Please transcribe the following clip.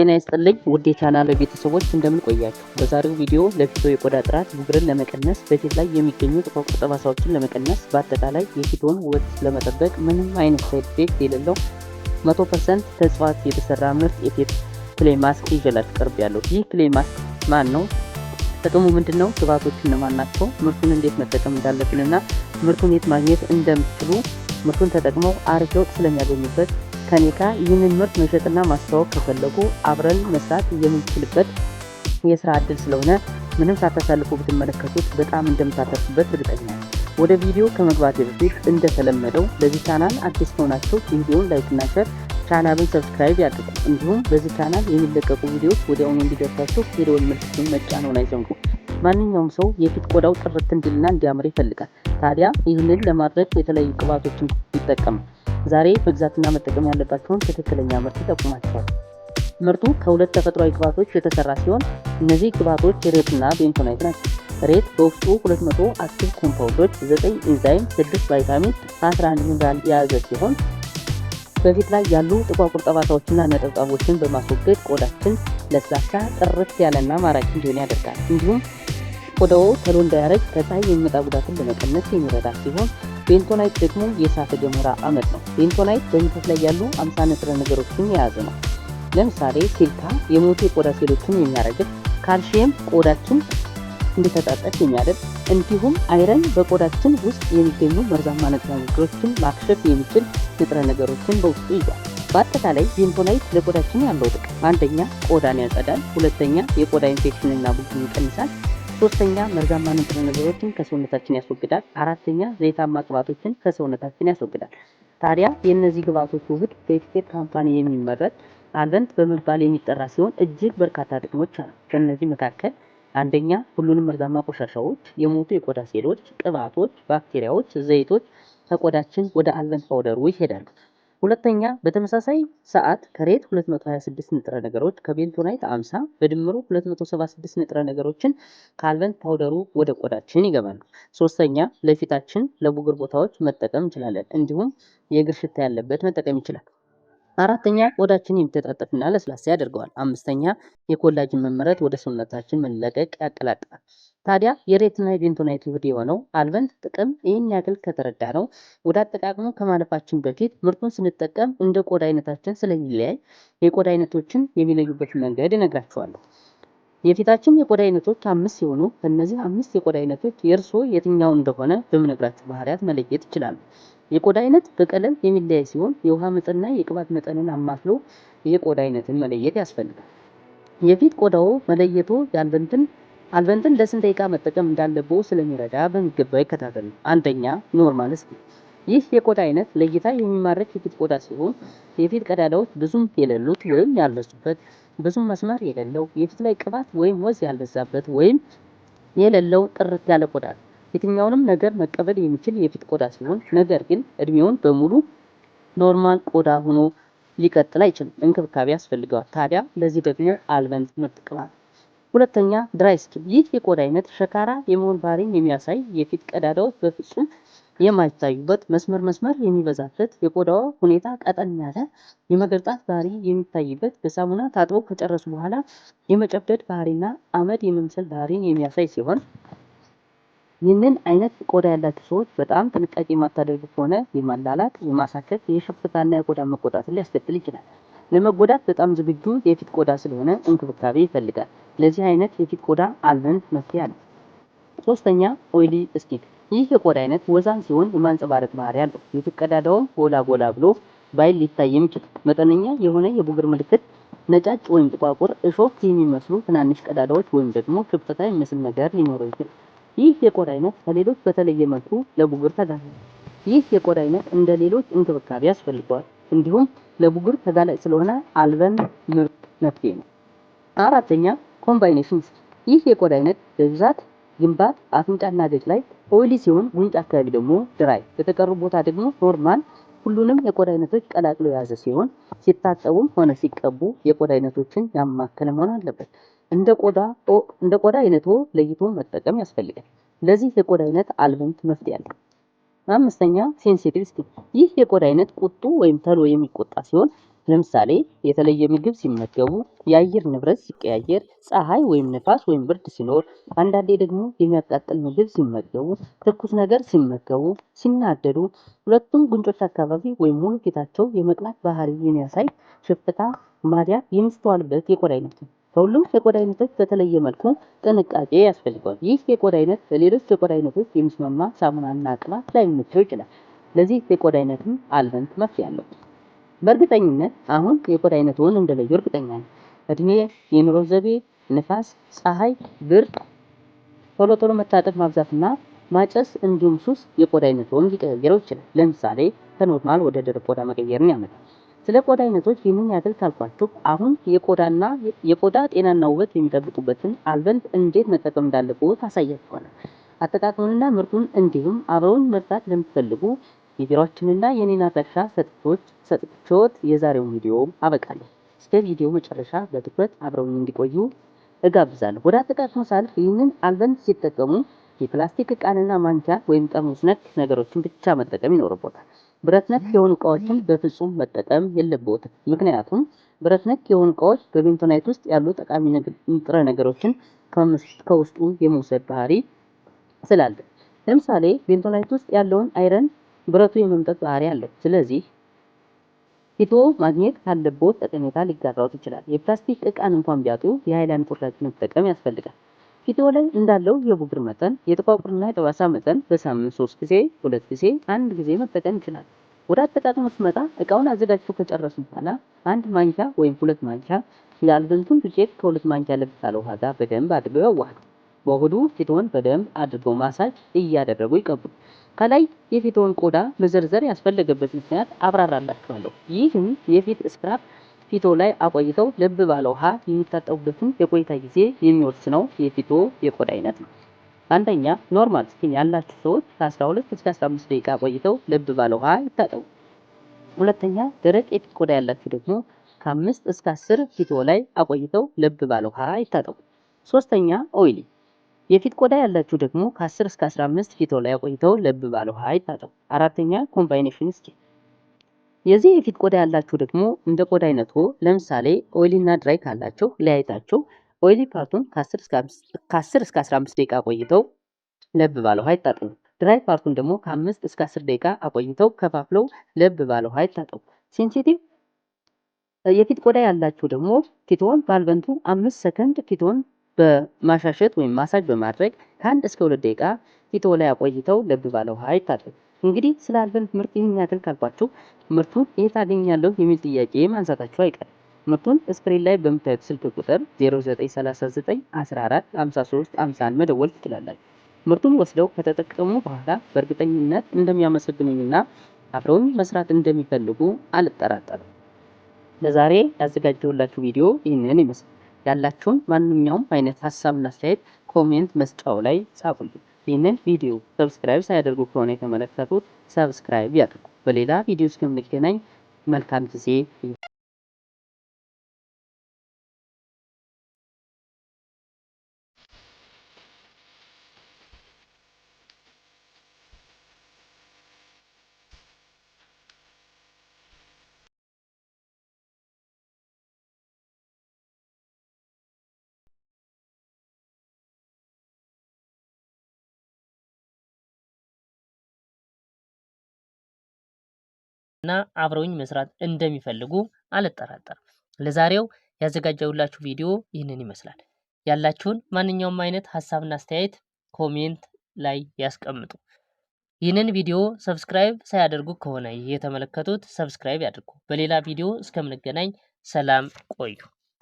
ጤና ይስጥልኝ ውድ የቻናል ቤተሰቦች እንደምን ቆያችሁ? በዛሬው ቪዲዮ ለፊቶ የቆዳ ጥራት ብጉርን ለመቀነስ በፊት ላይ የሚገኙ ጥቋቁር ጠባሳዎችን ለመቀነስ በአጠቃላይ የፊቶን ውበት ለመጠበቅ ምንም አይነት ሳይድ ኢፌክት የሌለው ፐርሰንት ተጽዋት የተሰራ ምርት የፊት ፕሌ ማስክ ይዤላችሁ ቀርብ ያለው። ይህ ፕሌይ ማስክ ማን ነው? ጥቅሙ ምንድን ነው? ግብአቶቹ እነማን ናቸው? ምርቱን እንዴት መጠቀም እንዳለብንና ምርቱን የት ማግኘት እንደምትችሉ ምርቱን ተጠቅመው አሪፍ ለውጥ ስለሚያገኙበት ከኔ ጋር ይህንን ምርት መሸጥና ማስተዋወቅ ከፈለጉ አብረን መስራት የምንችልበት የስራ እድል ስለሆነ ምንም ሳታሳልፉ ብትመለከቱት በጣም እንደምታተርፉበት እርግጠኛ ወደ ቪዲዮ ከመግባት በፊት እንደተለመደው ለዚህ ቻናል አዲስ ከሆናችሁ ቪዲዮን ላይክና ሸር፣ ቻናሉን ሰብስክራይብ ያድርጉ። እንዲሁም በዚህ ቻናል የሚለቀቁ ቪዲዮዎች ወዲያውኑ እንዲደርሳችሁ የደወል ምልክቱን መጫንዎን አይዘንጉ። ማንኛውም ሰው የፊት ቆዳው ጥርት እንዲልና እንዲያምር ይፈልጋል። ታዲያ ይህንን ለማድረግ የተለያዩ ቅባቶችን ይጠቀማል። ዛሬ መግዛትና መጠቀም ያለባቸውን ትክክለኛ ምርት ይጠቁማቸዋል። ምርቱ ከሁለት ተፈጥሯዊ ግብዓቶች የተሰራ ሲሆን እነዚህ ግባቶች ሬትና ቤንቶናይት ናቸው። ሬት በውስጡ 200 አክቲቭ ኮምፓውንዶች፣ 9 ኢንዛይም፣ 6 ቫይታሚን፣ 11 ሚኒራል የያዘ ሲሆን በፊት ላይ ያሉ ጥቋቁር ጠባሳዎችና ነጠብጣቦችን በማስወገድ ቆዳችን ለስላሳ ጥርት ያለና ማራኪ እንዲሆን ያደርጋል። እንዲሁም ቆዳው ተሎ እንዳያረጅ ከፀሐይ የሚመጣ ጉዳትን ለመቀነስ የሚረዳ ሲሆን ቤንቶናይት ደግሞ የእሳተ ገሞራ አመድ ነው። ቤንቶናይት በምድር ላይ ያሉ አምሳ ንጥረ ነገሮችን የያዘ ነው። ለምሳሌ ሲሊካ የሞቱ የቆዳ ሴሎችን የሚያረግፍ፣ ካልሽየም ቆዳችን እንዲተጣጠፍ የሚያደርግ እንዲሁም አይረን በቆዳችን ውስጥ የሚገኙ መርዛማ ንጥረ ነገሮችን ማክሸፍ የሚችል ንጥረ ነገሮችን በውስጡ ይዟል። በአጠቃላይ ቤንቶናይት ለቆዳችን ያለው ጥቅም አንደኛ ቆዳን ያጸዳል፣ ሁለተኛ የቆዳ ኢንፌክሽንና ቡግርን ይቀንሳል፣ ሶስተኛ መርዛማ ንጥረ ነገሮችን ከሰውነታችን ያስወግዳል። አራተኛ ዘይታማ ቅባቶችን ከሰውነታችን ያስወግዳል። ታዲያ የእነዚህ ግብአቶች ውህድ በኤክስፔርት ካምፓኒ የሚመረት አልበንት በመባል የሚጠራ ሲሆን እጅግ በርካታ ጥቅሞች አሉ። ከእነዚህ መካከል አንደኛ ሁሉንም መርዛማ ቆሻሻዎች፣ የሞቱ የቆዳ ሴሎች፣ ቅባቶች፣ ባክቴሪያዎች፣ ዘይቶች ከቆዳችን ወደ አልበንት ፓውደሩ ይሄዳሉ። ሁለተኛ፣ በተመሳሳይ ሰዓት ከሬት 226 ንጥረ ነገሮች ከቤንቶናይት 50 በድምሩ 276 ንጥረ ነገሮችን ከአልበንት ፓውደሩ ወደ ቆዳችን ይገባሉ። ሶስተኛ፣ ለፊታችን ለቡግር ቦታዎች መጠቀም እንችላለን። እንዲሁም የእግር ሽታ ያለበት መጠቀም ይችላል። አራተኛ ቆዳችን የሚተጣጠፍና ለስላሳ ያደርገዋል። አምስተኛ የኮላጅን መመረት ወደ ሰውነታችን መለቀቅ ያቀላጥላል። ታዲያ የሬትና የቤንቶናይት ውህድ የሆነው አልበንት ጥቅም ይህን ያክል ከተረዳ ነው። ወደ አጠቃቀሙ ከማለፋችን በፊት ምርቱን ስንጠቀም እንደ ቆዳ አይነታችን ስለሚለያይ የቆዳ አይነቶችን የሚለዩበት መንገድ እነግራችኋለሁ። የፊታችን የቆዳ አይነቶች አምስት ሲሆኑ ከእነዚህ አምስት የቆዳ አይነቶች የእርስዎ የትኛው እንደሆነ በምነግራችሁ ባህሪያት መለየት ይችላሉ። የቆዳ አይነት በቀለም የሚለያይ ሲሆን የውሃ መጠንና የቅባት መጠንን አማክሎ የቆዳ አይነትን መለየት ያስፈልጋል። የፊት ቆዳው መለየቱ ያልበንትን አልበንትን ለስንት ደቂቃ መጠቀም እንዳለበው ስለሚረዳ በሚገባ ይከታተሉ። አንደኛ ኖርማል ስኪን፣ ይህ የቆዳ አይነት ለእይታ የሚማረክ የፊት ቆዳ ሲሆን የፊት ቀዳዳዎች ብዙም የሌሉት ወይም ያልበሱበት፣ ብዙም መስመር የሌለው፣ የፊት ላይ ቅባት ወይም ወዝ ያልበዛበት ወይም የሌለው ጥርት ያለ ቆዳ ነው። የትኛውንም ነገር መቀበል የሚችል የፊት ቆዳ ሲሆን ነገር ግን እድሜውን በሙሉ ኖርማል ቆዳ ሆኖ ሊቀጥል አይችልም። እንክብካቤ ያስፈልገዋል። ታዲያ ለዚህ ደግሞ አልበንት ምርጥ ቅባት። ሁለተኛ ድራይ ስኪን። ይህ የቆዳ አይነት ሸካራ የመሆን ባህሪን የሚያሳይ የፊት ቀዳዳዎች በፍጹም የማይታዩበት መስመር መስመር የሚበዛበት የቆዳው ሁኔታ ቀጠን ያለ የመገርጣት ባህሪ የሚታይበት በሳሙና ታጥቦ ከጨረሱ በኋላ የመጨብደድ ባህሪና አመድ የመምሰል ባህሪን የሚያሳይ ሲሆን ይህንን አይነት ቆዳ ያላቸው ሰዎች በጣም ጥንቃቄ የማታደርጉ ከሆነ የማላላት፣ የማሳከት የሸፍታና የቆዳ መቆጣት ሊያስከትል ይችላል። ለመጎዳት በጣም ዝግጁ የፊት ቆዳ ስለሆነ እንክብካቤ ይፈልጋል። ለዚህ አይነት የፊት ቆዳ አለን መፍትሄ አለ። ሶስተኛ ኦይሊ ስኪን። ይህ የቆዳ አይነት ወዛን ሲሆን የማንጸባረቅ ባህሪ አለው። የፊት ቀዳዳውም ጎላ ጎላ ብሎ ባይል ሊታይ ይችላል መጠነኛ የሆነ የቡግር ምልክት ነጫጭ ወይም ጥቋቁር እሾህ የሚመስሉ ትናንሽ ቀዳዳዎች ወይም ደግሞ ክፍተታ የሚመስል ነገር ሊኖረው ይችላል። ይህ የቆዳ አይነት ከሌሎች በተለየ መልኩ ለቡግር ተጋላጭ ይህ የቆዳ አይነት እንደ ሌሎች እንክብካቤ ያስፈልገዋል። እንዲሁም ለቡግር ተጋላጭ ስለሆነ አልበን ምርጥ መፍትሄ ነው። አራተኛ ኮምባይኔሽን፣ ይህ የቆዳ አይነት በብዛት ግንባር፣ አፍንጫና ደጅ ላይ ኦይሊ ሲሆን ጉንጭ አካባቢ ደግሞ ድራይ፣ በተቀሩ ቦታ ደግሞ ኖርማል። ሁሉንም የቆዳ አይነቶች ቀላቅሎ የያዘ ሲሆን ሲታጠቡም ሆነ ሲቀቡ የቆዳ አይነቶችን ያማከለ መሆን አለበት። እንደ ቆዳ አይነቶ ለይቶ መጠቀም ያስፈልጋል። ለዚህ የቆዳ አይነት አልበምት መፍትሄ አለ። አምስተኛ ሴንሲቲቭ ስኪን፣ ይህ የቆዳ አይነት ቁጡ ወይም ተሎ የሚቆጣ ሲሆን ለምሳሌ የተለየ ምግብ ሲመገቡ፣ የአየር ንብረት ሲቀያየር፣ ፀሐይ ወይም ነፋስ ወይም ብርድ ሲኖር፣ አንዳንዴ ደግሞ የሚያቃጥል ምግብ ሲመገቡ፣ ትኩስ ነገር ሲመገቡ፣ ሲናደዱ፣ ሁለቱም ጉንጮች አካባቢ ወይም ሙሉ ፊታቸው የመቅላት ባህሪ የሚያሳይ ሽፍታ ማዲያ የሚስተዋልበት የቆዳ አይነት ነው። ከሁሉም የቆዳ አይነቶች በተለየ መልኩ ጥንቃቄ ያስፈልገዋል። ይህ የቆዳ አይነት ለሌሎች የቆዳ አይነቶች የሚስማማ ሳሙናና ቅባት ላይመቸው ይችላል። ለዚህ የቆዳ አይነትም አልበን መፍትሄ ያለው በእርግጠኝነት አሁን የቆዳ አይነቱን እንደለዩ እርግጠኛ ነኝ። እድሜ፣ የኑሮ ዘቤ፣ ንፋስ፣ ፀሐይ፣ ብርድ፣ ቶሎ ቶሎ መታጠብ ማብዛትና ማጨስ እንዲሁም ሱስ የቆዳ አይነቱን ሊቀየረው ይችላል። ለምሳሌ ከኖርማል ወደ ደረቅ ቆዳ መቀየርን ያመጣል። ስለ ቆዳ አይነቶች ይህንን ያክል ታልኳችሁ። አሁን የቆዳና የቆዳ ጤናና ውበት የሚጠብቁበትን አልበንት እንዴት መጠቀም እንዳለበት አሳያችኋለሁ። አጠቃቀሙንና ምርቱን እንዲሁም አብረውን መርታት ለምትፈልጉ የቢሮችንና የኔና አድራሻ ሰጥቶች ሰጥቶት የዛሬውን ቪዲዮ አበቃለሁ። እስከ ቪዲዮ መጨረሻ በትኩረት አብረውን እንዲቆዩ እጋብዛለሁ። ወደ አጠቃቀሙ ሳልፍ ይህንን አልበንድ ሲጠቀሙ የፕላስቲክ ዕቃንና ማንኪያ ወይም ጠርሙስ ነክ ነገሮችን ብቻ መጠቀም ይኖርበታል። ብረት ነክ የሆኑ እቃዎችን በፍጹም መጠቀም የለብዎትም። ምክንያቱም ብረት ነክ የሆኑ እቃዎች በቤንቶናይት ውስጥ ያሉ ጠቃሚ ንጥረ ነገሮችን ከውስጡ የመውሰድ ባህሪ ስላለ፣ ለምሳሌ ቤንቶናይት ውስጥ ያለውን አይረን ብረቱ የመምጠጥ ባህሪ አለው። ስለዚህ ሂቶ ማግኘት ካለብዎት ጠቀሜታ ሊጋራዎት ይችላል። የፕላስቲክ እቃን እንኳን ቢያጡ የሃይላንድ ቁራጭ መጠቀም ያስፈልጋል። ፊትዎ ላይ እንዳለው የቡግር መጠን የጥቋቁርና የጠባሳ መጠን በሳምንት ሶስት ጊዜ ሁለት ጊዜ አንድ ጊዜ መጠቀም ይችላል። ወደ አጠቃቀሙ ስመጣ እቃውን አዘጋጅቶ ከጨረሱ በኋላ አንድ ማንኪያ ወይም ሁለት ማንኪያ ያልበንቱን ዱቄት ከሁለት ማንኪያ ለብ ካለ ውሃ ጋር በደንብ አድርገው ያዋህዱ። በሆዱ ፊትዎን በደንብ አድርገው ማሳጅ እያደረጉ ይቀቡ። ከላይ የፊትዎን ቆዳ መዘርዘር ያስፈለገበት ምክንያት አብራራላችኋለሁ። ይህም የፊት ስክራፕ ፊቶ ላይ አቆይተው ለብ ባለ ውሃ የሚታጠቡበትን የቆይታ ጊዜ የሚወስነው ነው የፊቶ የቆዳ አይነት ነው። አንደኛ ኖርማል ስኪን ያላቸው ሰዎች ከ12 እስከ 15 ደቂቃ ቆይተው ለብ ባለ ውሃ ይታጠቡ። ሁለተኛ ደረቅ የፊት ቆዳ ያላቸው ደግሞ ከ ከ5 እስከ 10 ፊቶ ላይ አቆይተው ለብ ባለ ውሃ ይታጠቡ። ሶስተኛ ኦይሊ የፊት ቆዳ ያላችሁ ደግሞ ከ10 እስከ 15 ፊቶ ላይ አቆይተው ለብ ባለ ውሃ ይታጠቡ። አራተኛ ኮምባይኔሽን ስኪን የዚህ የፊት ቆዳ ያላችሁ ደግሞ እንደ ቆዳ አይነቱ ለምሳሌ ኦይሊና ድራይ ካላችሁ ለያይታቸው ኦይሊ ፓርቱን ከ10 እስከ 15 ደቂቃ ቆይተው ለብ ባለ ውሃ ይታጠቡ። ድራይ ፓርቱን ደግሞ ከ5 እስከ 10 ደቂቃ አቆይተው ከፋፍለው ለብ ባለ ውሃ ይታጠቡ። ሴንሲቲቭ የፊት ቆዳ ያላችሁ ደግሞ ፊትዎን በአልበንቱ አምስት ሰከንድ ፊትዎን በማሻሸት ወይም ማሳጅ በማድረግ ከአንድ እስከ ሁለት ደቂቃ ፊትዎ ላይ አቆይተው ለብ ባለ ውሃ ይታጠቡ። እንግዲህ ስለ ምርት ይህን ያክል ካልኳችሁ ምርቱን የት አገኛለሁ የሚል ጥያቄ ማንሳታችሁ አይቀርም። ምርቱን ስክሪን ላይ በምታዩት ስልክ ቁጥር 0939145351 መደወል ትችላላችሁ። ምርቱን ወስደው ከተጠቀሙ በኋላ በእርግጠኝነት እንደሚያመሰግኑኝና አብረውን መስራት እንደሚፈልጉ አልጠራጠርም። ለዛሬ ያዘጋጀሁላችሁ ቪዲዮ ይህንን ይመስል ያላችሁን ማንኛውም አይነት ሀሳብና አስተያየት ኮሜንት መስጫው ላይ ጻፉልኝ። ይህንን ቪዲዮ ሰብስክራይብ ሳያደርጉ ከሆነ የተመለከቱት ሰብስክራይብ ያድርጉ። በሌላ ቪዲዮ እስከምንገናኝ መልካም ጊዜ እና አብረውኝ መስራት እንደሚፈልጉ አልጠራጠርም። ለዛሬው ያዘጋጀሁላችሁ ቪዲዮ ይህንን ይመስላል። ያላችሁን ማንኛውም አይነት ሀሳብና አስተያየት ኮሜንት ላይ ያስቀምጡ። ይህንን ቪዲዮ ሰብስክራይብ ሳያደርጉ ከሆነ የተመለከቱት ሰብስክራይብ ያድርጉ። በሌላ ቪዲዮ እስከምንገናኝ ሰላም ቆዩ።